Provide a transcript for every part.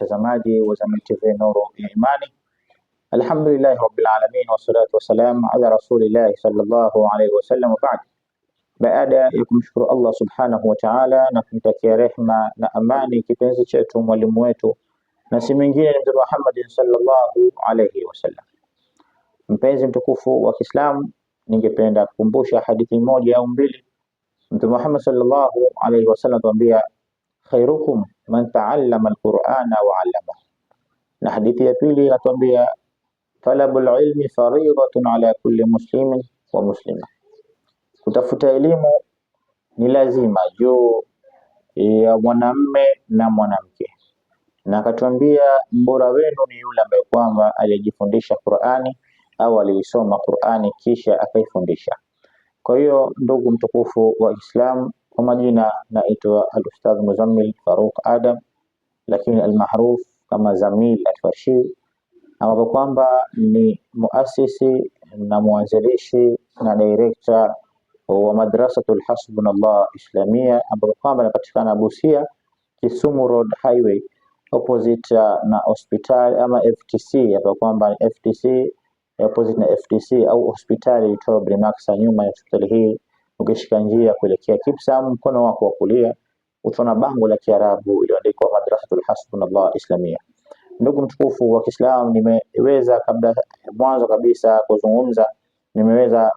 mtazamaji wa Zamyl TV Nuru ya Imani. Alhamdulillahi rabbil alamin wassalatu wassalam ala rasulillahi sallallahu alaihi wasallam. Baada baada ya kumshukuru Allah subhanahu wa ta'ala na kumtakia rehma na amani kipenzi chetu mwalimu wetu na si mwingine ni Mtume Muhammad sallallahu alaihi wasallam. Mpenzi mtukufu wa kiislam ningependa kukumbusha hadithi moja au mbili. Mtume Muhammad sallallahu alaihi wasallam atuambia khairukum man taallama alqur'ana wa allama. Na hadithi ya pili inatuambia talabul ilmi faridatun ala kulli muslimin wa muslima, kutafuta elimu ni lazima juu ya mwanamme na mwanamke. Na akatuambia mbora wenu ni yule ambaye kwamba alijifundisha Qur'ani au aliisoma Qur'ani kisha akaifundisha. Kwa hiyo ndugu mtukufu wa Islam kwa majina naitwa Al-Ustadh Muzammil faruq Adam, lakini almahruf kama Zamil Alfarshi, ambapo kwamba ni muasisi na mwanzilishi na direkta wa Madrasatul Hasbunallah Islamia, ambapo kwamba inapatikana Busia, Kisumu Road Highway opposite uh, na hospitali ama FTC, ambapo kwamba FTC opposite na FTC au hospitali itwayo Brimaxa, nyuma ya hospitali hii Ukishika njia kuelekea Kipsa, mkono wako wa kulia utaona bango la Kiarabu iliyoandikwa Madrasatul Hasbunallah Islamia. Ndugu mtukufu wa Kiislamu, nimeweza kabla mwanzo kabisa kuzungumza, nimeweza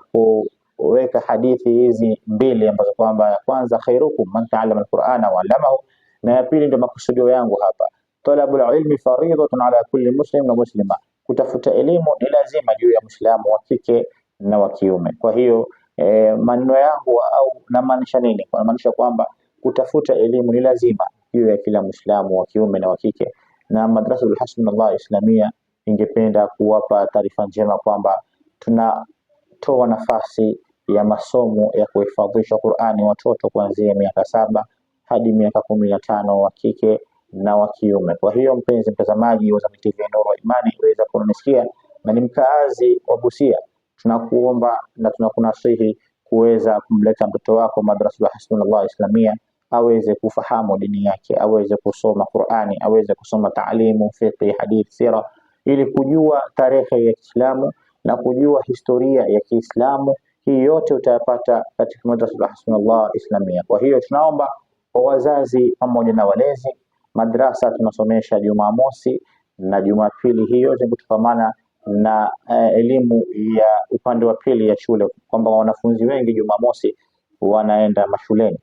kuweka hadithi hizi mbili ambazo kwamba ya kwanza khairukum man taallama alqur'ana wa allamahu, na ya pili ndio makusudio yangu hapa. Talabul ilmi faridhatun ala kulli muslim na muslima, kutafuta elimu ni lazima juu ya muislamu wa kike na wa kiume. Kwa hiyo E, maneno yangu au namaanisha nini? Namaanisha kwamba kutafuta elimu ni lazima juu ya kila Muislamu wa kiume na wa kike, na Madrasatul Hasbunallah Islamia ingependa kuwapa taarifa njema kwamba tunatoa nafasi ya masomo ya kuhifadhisha Qur'ani watoto kuanzia miaka saba hadi miaka kumi na tano wa kike na wa kiume. Kwa hiyo mpenzi mtazamaji wa Zamyl TV Nuru ya Imani, uweza kunisikia na ni mkaazi wa Busia tunakuomba na tunakunasihi kuweza kumleta mtoto wako madrasa ya Islamia aweze kufahamu dini yake, aweze kusoma Qur'ani, aweze kusoma taalimu, fiqh, hadith, sira, ili kujua tarehe ya Kiislamu na kujua historia ya Kiislamu. Hii yote utayapata katika madrasa ya Islamia. Kwa hiyo tunaomba kwa wazazi pamoja na walezi, madrasa tunasomesha Jumamosi na Jumapili, hiyo yote kutokamana na eh, elimu ya upande wa pili ya shule kwamba wanafunzi wengi Jumamosi wanaenda mashuleni.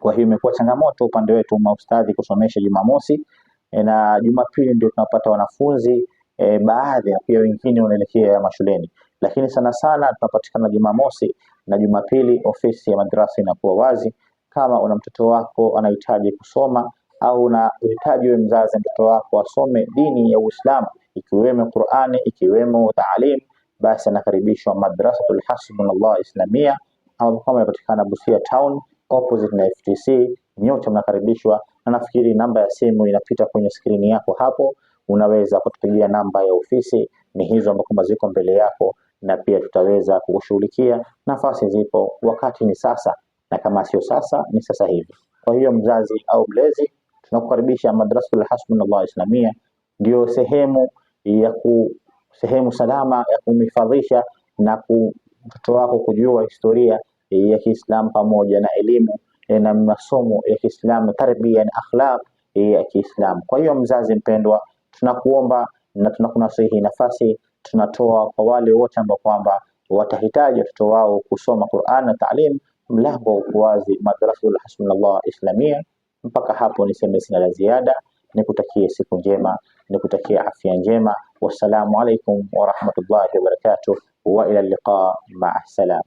Kwa hiyo imekuwa changamoto upande wetu maustadhi kusomesha Jumamosi eh, na Jumapili ndio tunapata wanafunzi e, baadhi ya pia wengine wanaelekea mashuleni, lakini sana sana tunapatikana Jumamosi na Jumapili. Ofisi ya madrasa inakuwa wazi. Kama una mtoto wako anahitaji kusoma au unahitaji wewe mzazi mtoto wako asome dini ya Uislamu, ikiwemo Qur'ani, ikiwemo taalim, basi anakaribishwa Madrasatul Hasbunallah Islamia ambapo kama inapatikana Busia Town opposite na FTC. Nyote mnakaribishwa, na nafikiri namba ya simu inapita kwenye skrini yako hapo, unaweza kutupigia namba ya ofisi, ni hizo ambako ziko mbele yako, na pia tutaweza kukushughulikia. Nafasi zipo, wakati ni sasa, na kama sio sasa ni sasa hivi. Kwa hiyo mzazi au mlezi, tunakukaribisha Madrasatul Hasbunallah Islamia, ndio sehemu ya ku, sehemu salama ya kumhifadhisha na mtoto wako kujua historia ya Kiislamu pamoja na elimu eh, na masomo ya Kiislamu, tarbia na akhlaq ya Kiislamu. Kwa hiyo mzazi mpendwa, tunakuomba na tunakunasihi, nafasi tunatoa kwa wale wote ambao kwamba watahitaji watoto wao kusoma Qur'an na taalim, mlango uko wazi, madrasa Hasbunallah Islamia. Mpaka hapo niseme sina la ziada. nikutakie siku njema, nikutakie afya njema. Wassalamu alaikum warahmatullahi wabarakatuh wa ila liqa maa salam.